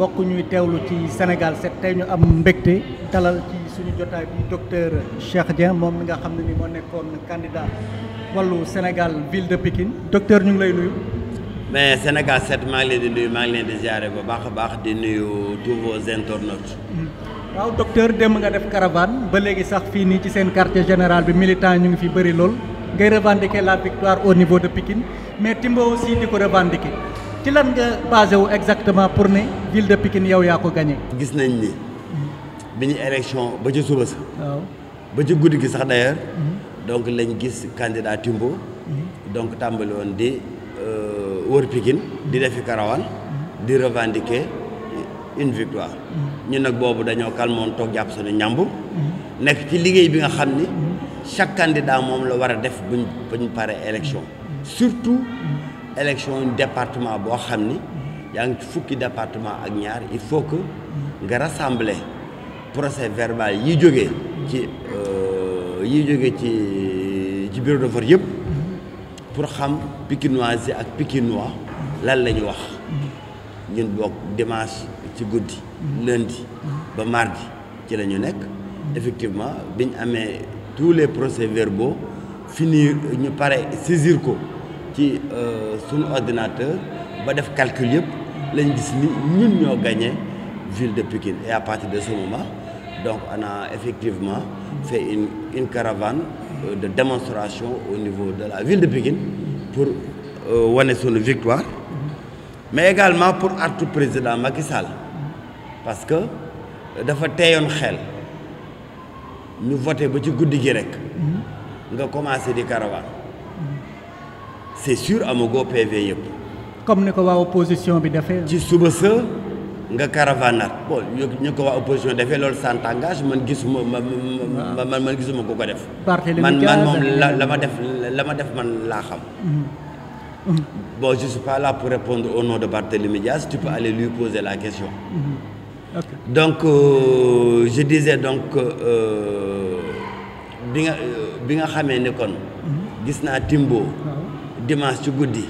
mbokk ñuy teewlu ci Sénégal set tey ñu am mbégte dalal ci suñu jotaay bi docteur Cheikh Dieng moom mi nga xam ne ni moo nekkoon candidat wallu Sénégal ville de Pikine docteur ñu ngi lay nuyu. mais Sénégal set maa ngi leen di nuyu maa ngi leen di ziare bu baax a baax di nuyu tous vos internautes. Hmm. waaw docteur démb nga def caravane ba léegi sax fii nii ci seen quartier général bi militant ñu ngi fi bëri lool ngay revendiquer la victoire au niveau de Pikine mais Timbo aussi di ko revendiquer. ci lan nga basé wu exactement pour ne ville de Pikine yow yaa ko gagné. gis nañ ni bi ñu élection ba ci suba sa. waaw ba ci guddi gi sax d'ailleurs. Mhm. donc lañ gis candidat Timbo. Mhm. donc tàmbali woon di euh, wër Pikine di mhm. defi karawaan. di revendiquer une victoire. ñun nag boobu dañoo kalmoon toog jàpp suñu ñàmb. nekk ci liggéey bi nga xam ni. chaque candidat moom la war a def buñ buñ paree élection. surtout. élection département boo xam ni yaa ngi fukki département ak ñaar il faut que nga rassembler procès verbal yi jógee ci euh, yi jóge ci ci bureau de vote yëpp pour xam pikinoise yi ak pikinois lan la ñu wax ñun boog dimanche ci guddi lundi ba mardi ci la ñu nekk effectivement biñ amee tous les procès verbaux finir ñu pare saisir ko ci euh, sunu ordinateur ba def calcul yëpp lañ gis ni ñun ñoo gagné ville de Pikine et partie partir de ce moment donc on effectivement fait une une caravane euh, de démonstration au niveau de la ville de Pikine pour euh, wane euh, sunu victoire mais également pour artu président Macky Sall parce que dafa teeyoon xel ñu voté ba ci guddi gi rek nga commencé di caravane c'est sûr amagoo PV yëpp. comme ni ko waaw opposition bi defee. ci suba sa nga caravanaat bon ñu ko waa opposition defee loolu sans engagement man gisuma ma man man gisuma ko ko def. man man moom la la ma def la ma def man laa xam. Mm-hmm. Mm-hmm. bon je suis pas là pour répondre au nom de barte Dias tu peux aller lui poser la question. Mm-hmm. donc euh, je disais donc euh, bi nga euh, bi nga xamee ne kon. gis naa Timbo. dimanche ci guddi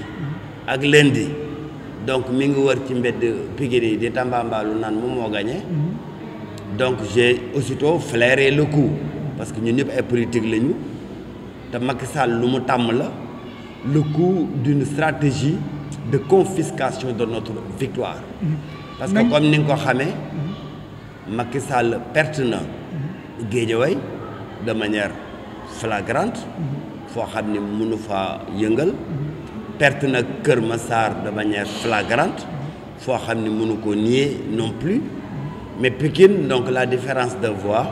ak lundi donc mi ngi war ci mbedd Piquet yi di tambambaalu naan moom moo gagné donc j'ai aussitôt flairé le coup parce que ñun ñëpp ay politique lañu te Macky Sall lu mu tàmm la le coup d'une stratégie de confiscation de notre victoire. parce que comme ni nga ko xamee. Macky Sall perte na mhm. Guédiawaye de manière flagrante. foo xam ne mënu fa yëngal perte nag Kër Massar de manière flagrante foo xam ne munu ko nier non plus mais Pikine donc la différence de voix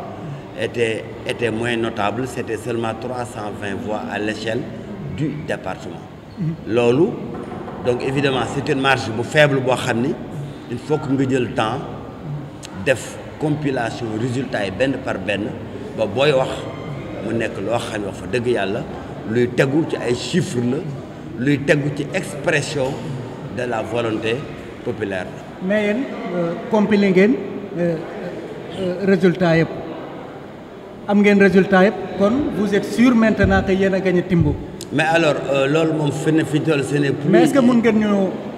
était était moins notable c'était seulement 320 voix à l'échelle du département loolu donc évidemment c'est une marge bu faible boo xam ni il faut nga jël temps def compilation résultat yi benn par benn ba booy wax mu nekk loo xam ne wax fa dëgg yàlla luy tegu ci ay chiffres la luy tegu ci expression de la volonté populaire la. mais yéen euh, compilé ngeen euh, euh, résultat yëpp am ngeen résultat yëpp kon vous êtes sûr maintenant que yéen a gagné Timbo. mais alors loolu moom fi ne fi toll seen plus. mais est-ce que mun ngeen ñu.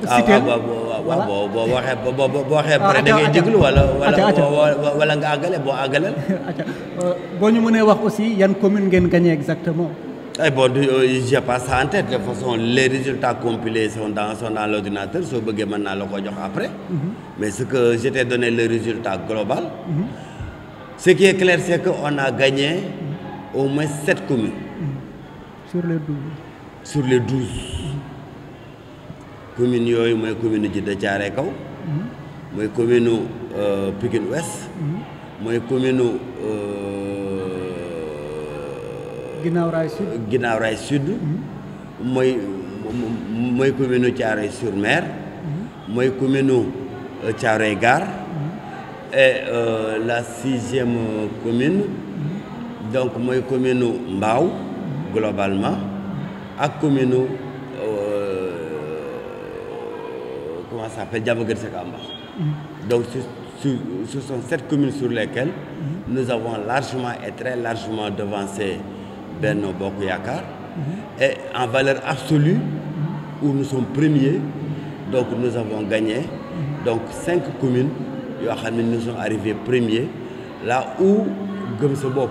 Ah, citer ah, waaw waaw boo boo waxee boo boo waxee pare ah, da ngay déglu wala wala wala nga àggale boo àggaleel. boo ñu mënee wax aussi yan commune ngeen gagné exactement. Et bon, euh, je n'ai pas ça en tête. De toute façon, les résultats compilés sont dans, sont dans l'ordinateur. Si vous voulez, après. Mm-hmm. Mais ce que je t'ai le résultat global. Mm -hmm. Ce qui est clair, c'est qu'on a gagné mm-hmm. au moins 7 communes. Mm-hmm. Sur les 12. Sur les 12. communes yooyu mooy commune Djiddah Thiaroye Kaw. mooy commune euh, Pikine Ouest. mooy commune. Euh, ginaaw raay sud. ginnaaw raay sud. mooy mooy commune nu sur mer. mooy commune nu euh, Thiaroye gare. et euh, la sixième commune. donc mooy commune nu Mbao globalement ak commune nu euh, comment ça s'appelle Diamaguène Sicap Mbao. donc ce sont sept communes sur lesquelles. nous avons largement et très largement devancé. benn Bokk Yaakaar mhm. et en valeur absolue ou nous premier premiers donc nous avons mhm. donc cinq communes yoo xam ne nous sommes premier premiers là Gëm Sa Bopp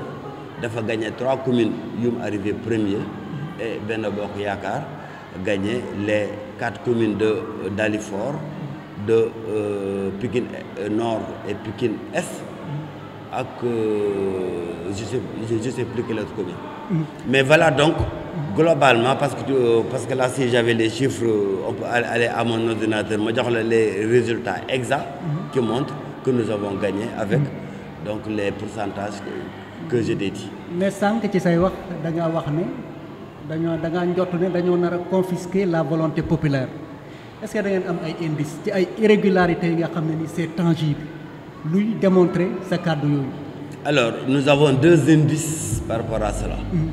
dafa gagné trois communes yu arrivé premier mhm. et benn Bokk Yaakaar gagné les quatre communes de euh, Dalifort de euh, Pikine euh, Est ak je sais je sais plus quelle commune. mais voilà donc. globalement parce que euh, parce que là si j'avais les chiffres euh, on peut aller ordinateur ma jox la le résultat exacts. Mm-hmm. qui montrent que nous avons gagné avec mm-hmm. donc les pourcentages que que j'ai dit. mais sànq ci say wax da ngaa wax ne dañoo da ngaa njott ne dañoo nar a la volonté populaire est-ce que da am ay indices ci ay irrégularités yi nga xam ne ni c'est tangible. luy démontrer sa kàddu yooyu. alors nous avons deux indices par rapport à cela. Mm.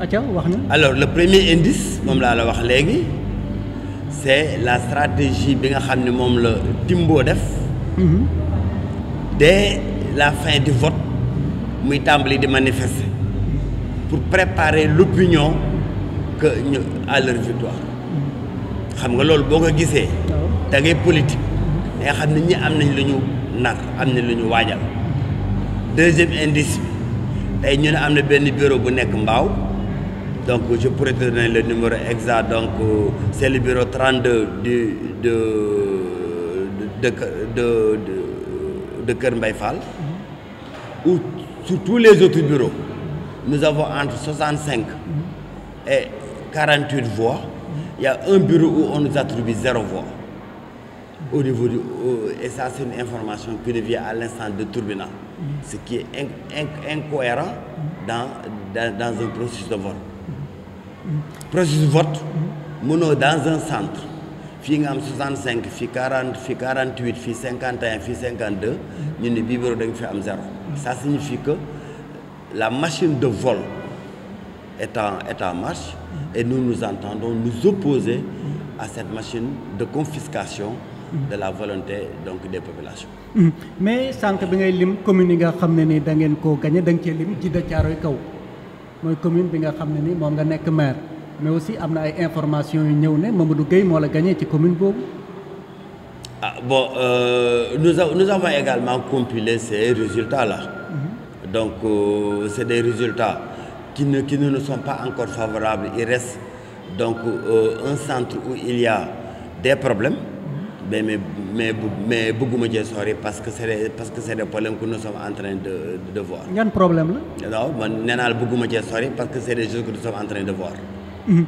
acca wax na. alors le premier indice moom laa la wax léegi c'est la stratégie bi nga xam ne moom la Timbo def. Mm-hmm. dès la fin du vote muy tàmbali di manifester pour préparer l'opinion que ñu à leur victoire mm. xam nga loolu boo ko gisee. Ah. da ngay politique. da nga xam ne ñi am nañ lu ñu nar am nañ lu ñu waajal deuxième indice bi tey ñu ne am na benn bureau bu nekk Mbaaw donc je pourrais te donner le numéro exact donc c'est le bureau 32 du de de de Kër mbay Fall ou sur tous les autres bureaux nous avons entre 65 et 48 voix il y a un bureau où on nous attribue zéro voix au niveau du e et ça information qui devient à l'instant de tourbillon mm-hmm. ce qui est inc inc dans, dans dans un processus de vote mm-hmm. processus de vote mm-hmm. mënoo dans un centre fii nga am 65 fii 40 fii 48 fii 51 fii 52 ñu ni bii bureau da nga am zéro ça signifie que la machine de vol est en est en marche et nous nous entendons nous opposer à cette machine de confiscation de la volonté donc de population mm. mais sànq bi ngay lim commune yi nga xam ne ni da ngeen koo gagné da cee lim Djiddah Thiaroye Kaw mooy commune bi nga xam ne ni moom nga nekk maire mais aussi am na ay information yu ñëw ne Mamadou Gueye moo la gagné ci commune boobu. ah bon euh, nous a, nous avons également compilé ces résultats là. Mm-hmm. donc euh, c'est des résultats qui ne qui ne nous pas encore favorables il reste donc euh, un centre où il y des problèmes. mais mais mais bëgguma cee sori parce que c' est parce que c' est des problèmes que nous sommes en train de de voir. ñan problème la. waaw man nee naa sori parce que c' est des choses que nous en train de voir. Mhm.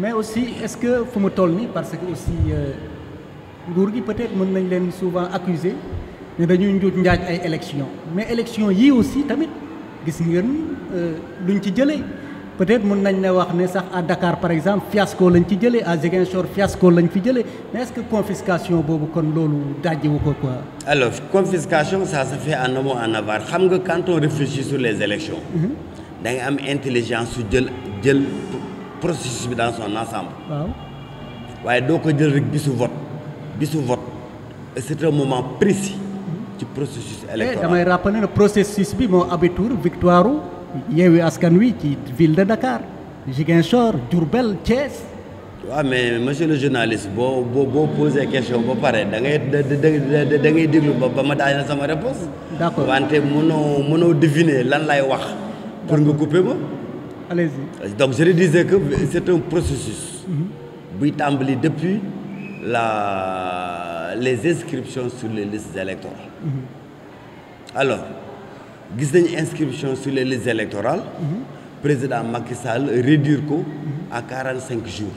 mais aussi est ce que fu mu toll nii parce que aussi euh, nguur gi peut être mën nañ leen souvent accuser ne dañuy njuut njaaj ay élections mais élections yii aussi tamit gis ngeen euh, luñ ci jëlee. peut-être mun nañ ne wax ne sax à Dakar par exemple fiasco lañ ci jëlee à Ziguinchor fiasco lañ fi jëlee mais est-ce que confiscation boobu kon loolu dajjiwu ko quoi. alors confiscation ça se fait en amont en aval xam nga quand on réfléchit sur les élections mhm. da nga am intelligence su jël jël processus bi dans son ensemble. waaw waaye doo ko jël rek bisu vote bisu vote c'est un moment précis. Mhm. ci processus eh, électoral damay rappelé ne processus bi moo abitur victoire. Yewwi Askan Wi ci ville de Dakar Ziguinchor belle Thiès. waaw mais monsieur le journaliste boo boo boo posé question ba pare da ngay da da da ngay déglu ba ba ma daaneel sama réponse. d'accord wante mënoo mënoo deviner lan lay wax pour nga couper ma. allez donc je disais que c'est un processus. Mhm. buy tàmbali depuis la les inscriptions sur les listes électorales. Mhm. alors. gis nañu inscription sur les listes électorales mhm. président Macky Sall réduire ko ak quarante cinq jours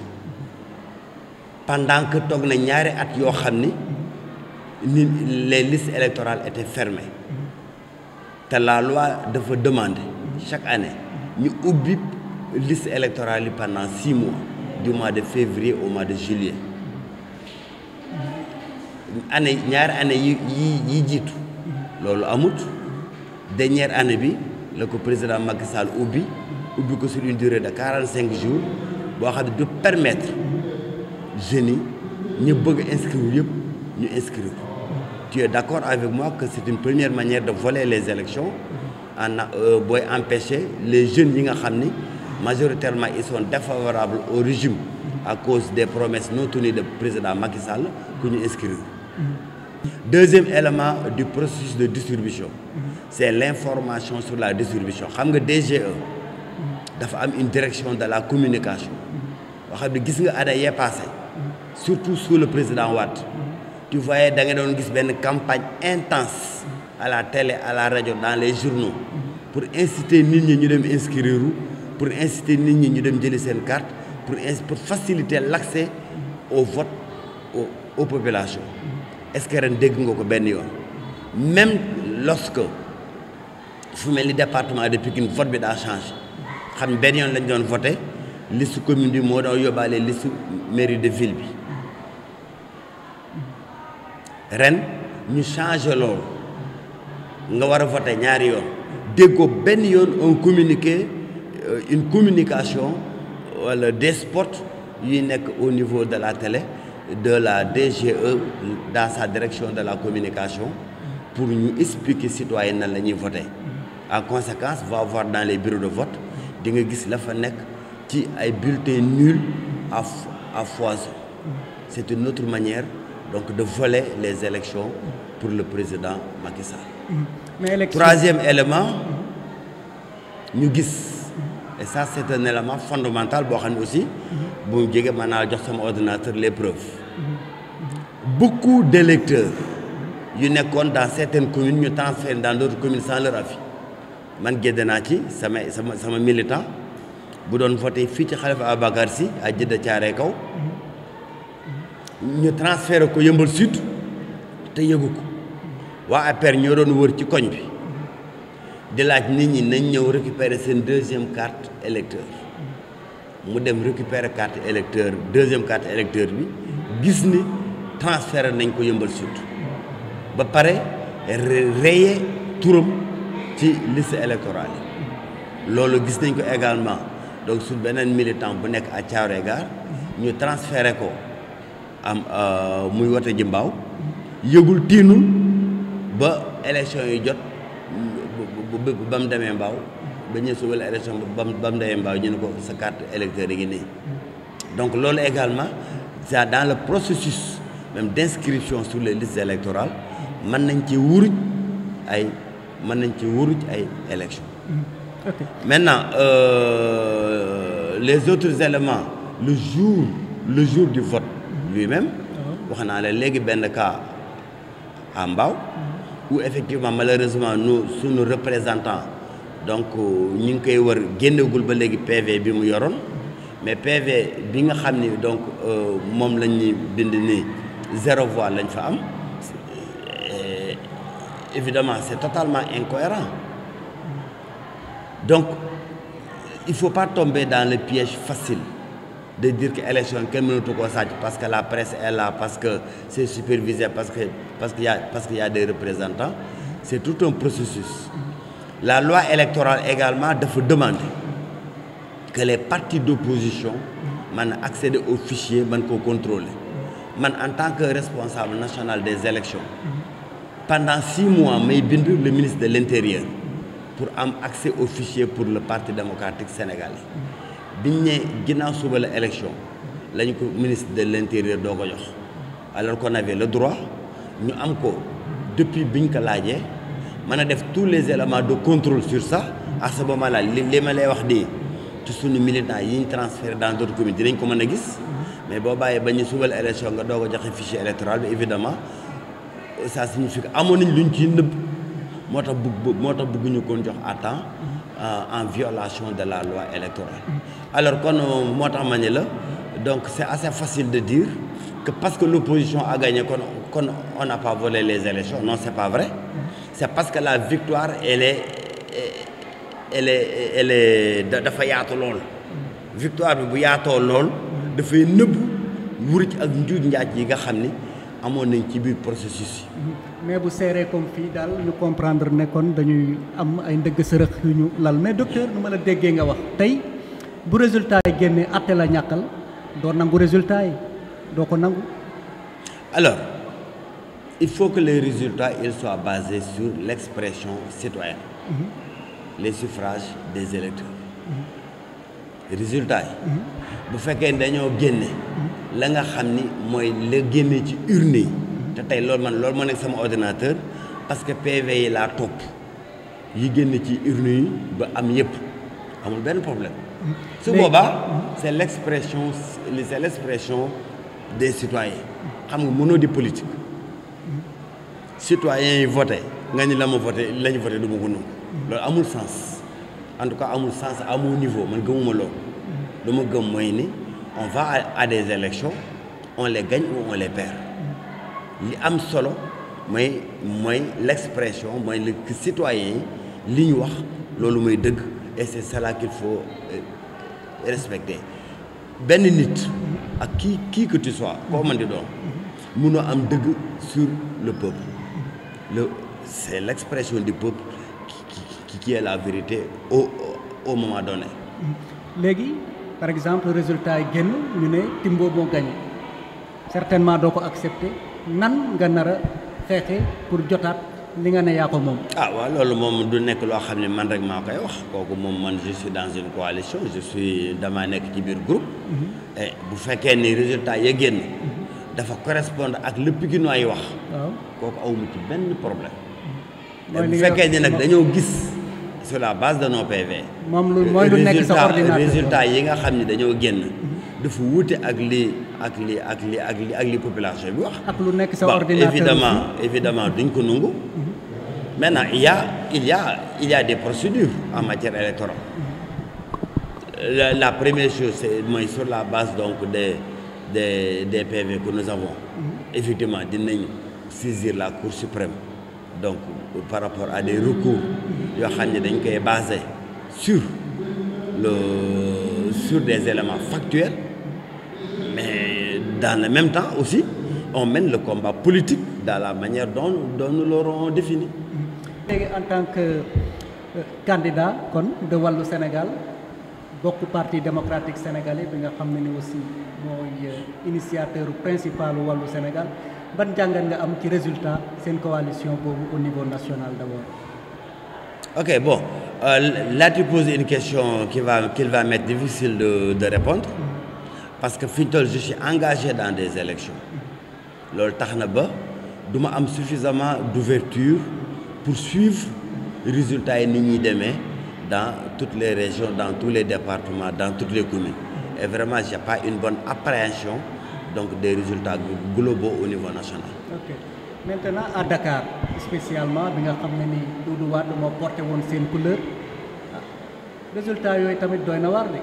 pendant toog na ñaari at yoo xam ni ni les listes électorales étaient fermées mhm. te la loi dafa demander mhm. chaque année ñu ubbi liste électorale yi pendant six mois du mois de février au mois de juillet année ñaari année yi yi yi jiitu loolu amut dernière année bi la ko président Macky ubbi ubbi ko sur une durée de quarante cinq jours boo xam ne du permettre jeunes yi ñu bëgg inscrire yëpp ñu inscrire tu es d'accord avec moi que c'est une première manière de voler les élections en euh, booy empêcher les jeunes yi nga xam ni majoritairement ils sont défavorables au régime à cause des promesses non tenues de président Macky Sall ku ñu inscrire. Mm-hmm. deuxième élément du processus de distribution. Mm-hmm. c'est l'information sur la distribution xam nga DGE dafa am une direction de la communication boo xam gis nga année yee passé surtout sous le président Wade tu voyais da nga doon gis benn campagne intense à la télé à la rajo dans les journaux pour inciter nit ñi ñu dem inscrire pour inciter nit ñi ñu dem jëli seen carte pour pour faciliter l'accès au vote aux aux populations est-ce que ren dégg nga ko benn yoon même lorsque fu mel ni département de Pikine vote bi daa changé xam benn yoon lañ doon voté liste commune bi moo doon yóbbaale liste mairie de ville bi ren ñu changé loolu nga war a voté ñaari yoon déggoo benn yoon un communiqué euh, une communication wala des spots nekk au niveau de la télé de la DGE dans sa direction de la communication pour ñu expliquer citoyen nan la ñuy voté en conséquence va voir dans les bureaux de vote di nga gis la fa nekk ci ay bulletins nul à à foison c'est une autre manière donc de voler les élections pour le président Macky Sall. Mm-hmm. troisième élément ñu gis. et ça c' est un élément fondamental boo xam ne aussi bu mu jege mën naa jox sama ordinateur les preuves mm-hmm. beaucoup d' électeurs yu nekkoon dans certaines communes ñu transféré dans d' autres communes sans leur avis man gédde naa ci samay sama sama militant bu doon voté fii ci Khalifa Ababacar si à Djeddah Thiaroye Kaw ñu transféré ko yëmbal Sud te yëgu ko waa APR ñoo doon wër ci koñ bi di laaj nit ñi nañ ñëw récupérer seen deuxième carte électeur mu dem récupérer carte électeur deuxième carte électeur bi gis ni transféré nañ ko yëmbal Sud ba pare reye turam ci liste électorale loolu gis nañ ko également donc su beneen militant bu nekk à Thiaroye Gare ñu transféré ko am euh, muy wote ji mbaaw yëgul tiinul ba élection yu jot ba mu demee mbaaw ba ñu suba la élection ba ba mu demee mbaaw ñu ne ko sa carte électeur nii donc loolu également ça dans le processus même d' inscription sur les listes électorales mën nañ ci wuruj ay mën nañ ci wóoru ay élection mm. okay. maintenant euh, les autres éléments le jour le jour du vote mm. lui-même ah. wax naa la léegi benn cas à Mbao mm. où effectivement malheureusement nu suñu représentant donc euh, ñu ngi koy war génnegul ba léegi PV bi mu yoroon mais PV bi nga xam ni donc euh, moom la ñuy bind nii zéro voix lañ fa am évidemment, c'est totalement incohérent. Donc, il ne faut pas tomber dans le piège facile de dire que l'élection, quel minute qu'on parce que la presse est là, parce que c'est supervisé, parce que parce que y, qu y, a des représentants. C'est tout un processus. La loi électorale également doit demander que les partis d'opposition accèdent aux fichiers, man contrôler. Man, en tant que responsable national des élections, pendant six mois may bind le ministre de l'intérieur pour am accès au fichier pour le parti démocratique sénégalais biñ ne ginnaaw suba la élection lañ ko ministre de l'intérieur doo ko jox alors qu'on avait le droit ñu am ko depuis biñ ko laajee man a def tous les éléments de contrôle sur ça à ce moment-là li li ma lay wax di te suñu militants yi ñu transféré dans d'autres communes dinañ ko mën a gis mais boo bàyyee ba ñu subal élection nga doo a joxe fichier électoral ça signifie que amoon nañ luñ ci nëbb moo tax bugg moo tax bugguñu koon jox à temps euh, en violation de la loi électorale alors kon euh, moo tax ma ne la donc c'est assez facile de dire que parce que l'opposition a gagné kon kon on n'a pas volé les élections non c'est pas vrai c'est parce que la victoire elle est elle est elle est dafa yaatu lool victoire bi bu yaatoo lool dafay nëbb wuruj ak njuuj njaaj yi nga xam ni amoon nañ ci biir processus yi. Mhm. mais bu seeree comme fii daal ñu comprendre nekkoon dañuy am ay ndëgg sërëx yu ñu lal mais docteur nu ma la déggee nga wax tey bu résultat yi génnee atte la ñàkkal doo nangu résultat yi doo ko nangu. alors il faut que les résultats ils soit basés sur l'expression citoyenne. Mhm. les suffrages des électeurs. Mhm. résultat yi. bu fekkee dañoo génne. la nga xam ni mooy la génne ci urne yi te tey loolu man loolu ma nekk sama ordinateur parce que PV yi laa topp yi génne ci urne yi ba am yëpp amul benn problème mm. su boobaa mm. c'est l'expression c'est l'expression des citoyens xam nga mënoo di politique mm. citoyens yi voté nga ni la ma voté la ñu voté du ma ko nangu loolu amul sens en tout cas amul sens à niveau man gëmuma loolu lu ma gëm mooy ni on à des élections on les gagne ou on les perd li am solo mooy mooy l'expression mooy li citoyen yi li ñu wax loolu mooy dëgg et c'est cela qu'il faut euh, respecter benn nit ak kii kii que tu sois koo mën di doon munoo am dëgg sur le peuple le c'est l'expression du peuple qui, qui, qui est la vérité au au moment donné léegi par exemple résultat yi génn ñu ne Timbo moo gagné certainement doo ko accepté nan nga nar a pour jotaat li nga ne yaa ko moom. ah waaw loolu moom du nekk loo xam ne man rek maa koy wax kooku moom man je suis dans une coalition je suis damaa nekk ci biir group mm-hmm. bu fekkee ni résultat ya génn. Mm-hmm. dafa correspondre ak le Pikinois yi wax. waaw kooku awmu ci benn problème. Mm-hmm. bu fekkee ni nag dañoo gis. sur la base de nos PV. moom lu mooy lu nekk sa ordinateur yi nga xam ne dañoo génn. dafa wuute ak li ak li ak li ak li ak li population bi wax. ak lu nekk sa ordinateur évidemment évidemment duñ ko nangu. Mhm. maintenant il y a il y a il y a des procédures en matière électorale. la première chose c'est mooy sur la base donc de de des PV que nous avons. Mhm. effectivement dinañ saisir la Cour suprême. donc par rapport à des recours yoo xam ne dañ koy basé sur le sur des éléments factuels mais dans même temps aussi on mène le combat politique dans la manière dont dont nous l'aurons défini. léegi en tant que euh, candidat kon de wàllu Sénégal bokk parti démocratique sénégalais bi nga xam ne ni aussi mooy euh, initiateur principal wàllu Sénégal. ban jàngat nga am ci résultat seen coalition boobu au niveau national d'abord. ok bon euh, là tu une question qui va qu'il va m'être difficile de de répondre mm-hmm. parce que fi ñu toll je suis engagé dans des élections mm-hmm. loolu tax na ba du ma am suffisamment d'ouverture pour suivre résultats yi ni ñuy demee dans toutes les régions dans tous les départements dans toutes les communes et vraiment j'ai pas une bonne appréhension donc des résultats globaux au niveau national. ok maintenant à Dakar spécialement bi nga xam ne ni Doudou Wade moo porté woon seen couleur résultat yooyu tamit doy na waar de.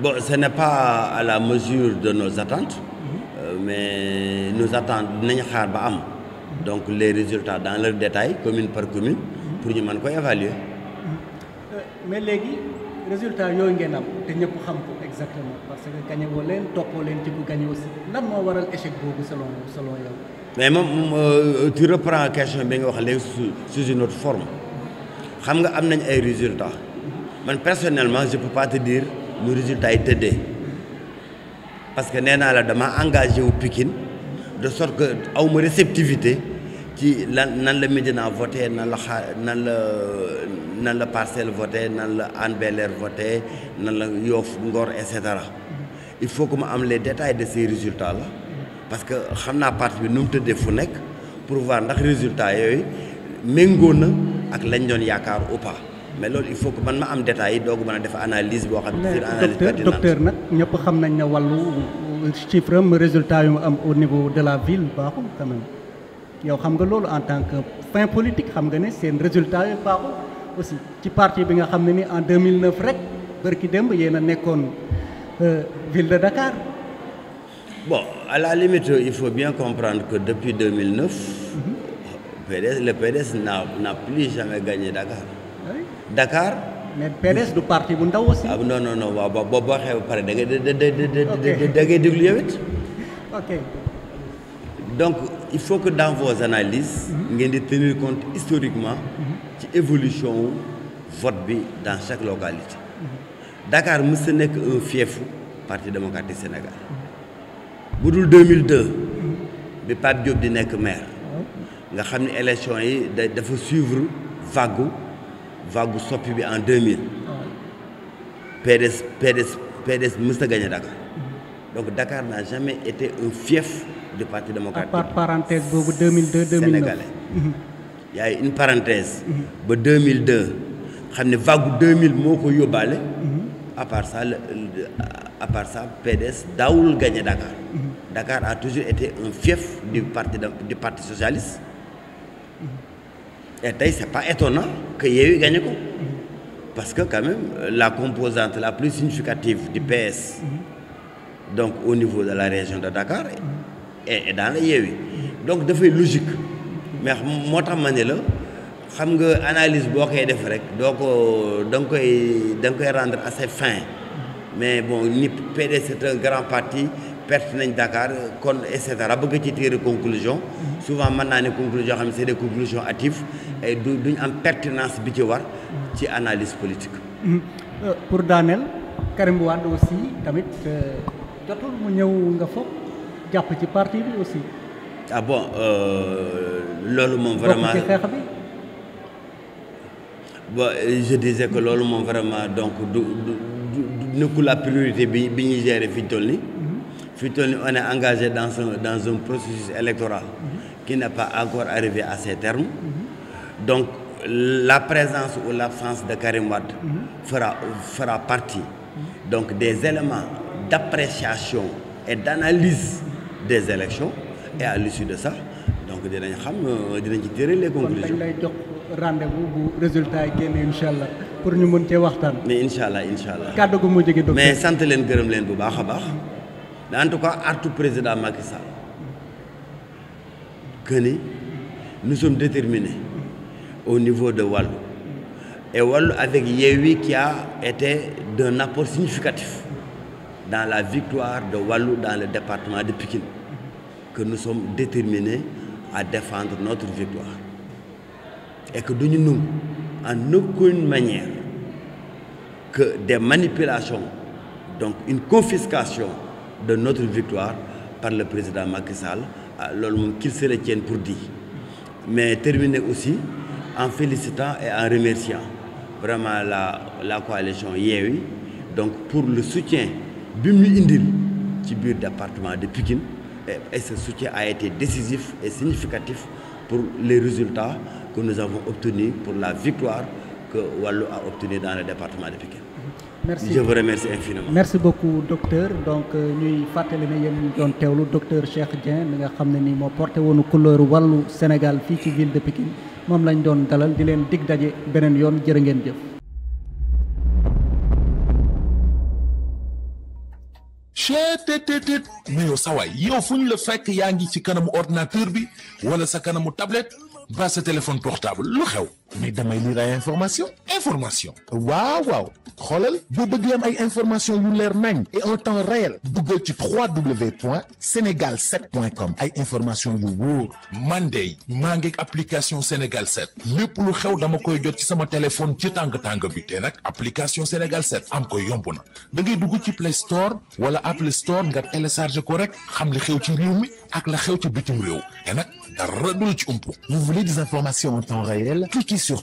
bon ce n'est pas à la mesure de nos attentes. Mhm. Euh, mais nous attendons dinañ xaar ba am. donc les résultats dans leur détail commune par commune. Mhm. pour ñu mën ko évaluer. Euh, mais léegi. résultat yooyu ngeen am te ñëpp xam ko exactement parce que gagné woo leen toppoo leen ci bu gagné aussi lan moo waral échec boobu selon selon yow. mais moom euh, tu reprends question bi nga wax léegi sous sous une autre forme xam nga am nañ ay résultats man personnellement je peux pas diir dire nu résultats yi tëddee parce que nee naa la dama engagé wu Pikine de sorte que aw ma réceptivité. ci lan nan la Médina voté nan la xa nan la nan la Parcelles voté nan la Hann bel nan la Yoff Ngor et cetera il faut que mu am les détails de ces résultats là parce que xam naa parti bi nu mu tëddee fu nekk pour voir ndax résultats yooyu méngoo na ak lañ doon yaakaar ou pas mais loolu il faut que man ma am détails yi doog mën a def analyse boo xam ne sur analyse pertinente docteur nag ñëpp xam nañ ne wallu chiffre am résultat yu mu am au niveau de la ville baaxul yow xam nga loolu en tant que fin politique xam nga ne seen résultat yi baaxul aussi ci parti bi nga xam ne ni en 2009 rek bërki démb yéen a nekkoon euh, ville de Dakar. bon à la limite il faut bien comprendre que depuis 2009. Mm-hmm. PDS le PDS n'a n'a plus jamais gagné Dakar. Ah oui. Dakar. mais du parti bu ndaw aussi. ah non non non waaw boo boo waxee ba pare da ngay da da da da ngay déglu yow donc il faut que dans vos analyses mhm. ngeen di tenir compte historiquement mhm. ci évolution wu vote bi dans chaque localité mhm. dakaar mës na nekk un fief parti démocratique Sénégal bu dul 2002 bi Pape Diop di nekk maire nga xam ne élection yi da dafa suivre vague vague soppi bi en 2000 PDS PDS PDS mës na gagné Dakar donc Dakar n'a jamais été un fief du parti démocratique. à part parenthèse boobu 2002 2009 sénégalais. Mhm. y a une parenthèse. Mhm. ba 2002 xam ne vague 2000 moo ko yóbbaale. Mhm. à part ça à part ça PDS daawul gagné Dakar. Dakar a toujours été un fief du parti du parti socialiste. et tey c'est pas étonnant que Yewwi gagné ko. parce que quand la composante la plus significative di PS. donc au niveau de la région de Dakar. et e dans la Yewwi donc dafay logique mais moo tax ma ne la xam nga analyse boo koy def rek doo ko da nga koy da nga koy rendre assez fin mais bon ni PDS c'est un grand parti perte nañ Dakar kon et cetera bëgg ci tirer conclusion souvent mën naa ne conclusion xam ne c'est des conclusions hâtives et du duñ am pertinence bi ci war ci analise politique mm-hmm. euh, pour daaneel Karim Wade aussi tamit euh, jotul mu ñëw nga foog jàpp ci parti bi aussi. ah bon euh, loolu moom vraiment ba je disais que loolu moom vraiment donc du du du nekkul la priorité bi bi ñuy gérer fi ñu toll nii. Mhm. fi ñu toll nii on est engagé dans un dans un processus électoral. Mhm. qui n'est pas encore arrivé à ses termes. Mhm. donc la présence ou l'absence de Karim Wade. fera fera partie. donc des éléments d'appréciation et d'analyse. des élections et à l'issue de ça donc dinañ xam euh, dinañ ci tirer les conclusions. kon dañ bu résultat yi génn incha allah pour ñu mën cee waxtaan. mais incha allah incha allah. kàddu gu mujj gi docteur mais sant leen gërëm leen bu baax a baax en tout a artu président Macky Sall que ni nous au niveau de Wallu et Wallu avec Yewwi qui été d'un apport significatif dans la victoire de Wallu dans le département de Pikine. que nu sommes déterminés à défendre notre victoire et que ñu nangu en aucune manière que des manipulations donc une confiscation de notre victoire par le président Macky Sall ah, loolu moom qu'il se le tienne pour dit mais terminer aussi en félicitant et en remerciant vraiment la la coalition Yewwi donc pour le soutien bi mu indil ci biir departement de Pikine et ce soutien a été décisif et significatif pour les résultats que nous avons obtenus, pour la victoire que Wallou a obtenue dans le département de Pékin. merci je vous remercie infiniment. merci beaucoup docteur donc euh, ñuy fàttali ne yéen ñu doon teewlu docteur Cheikh Dieng mi nga xam ne nii moo porté woonu couleur wàllu Sénégal fii ci ville de Pikine moom lañ doon dalal di leen dig daje beneen yoon jërë ngeen jëf. chetttt mais yow sawaay yow fu ñu la fekk yaa ngi ci kanamu ordinateur bi wala sa kanamu tablette ba sa téléphone portable lu xew mais damay lire ay information information waaw waaw xoolal boo bëgg am ay information yu leer nañ et en temps réel duggal ci 3w point sénégal 7 com ay information yu wóor man de maa ngi application sénégal 7 lépp lu xew dama koy jot ci sama téléphone ci tàng tàng bit te nag application sénégal set am ko yomb na da ngay dugg ci play store wala apple store nga télécharge ko rek xam li xew ci réew mi ak la xew ci bitim réew te nag dara dul ci umpu vous voulez des informations en temps réel cliquez sur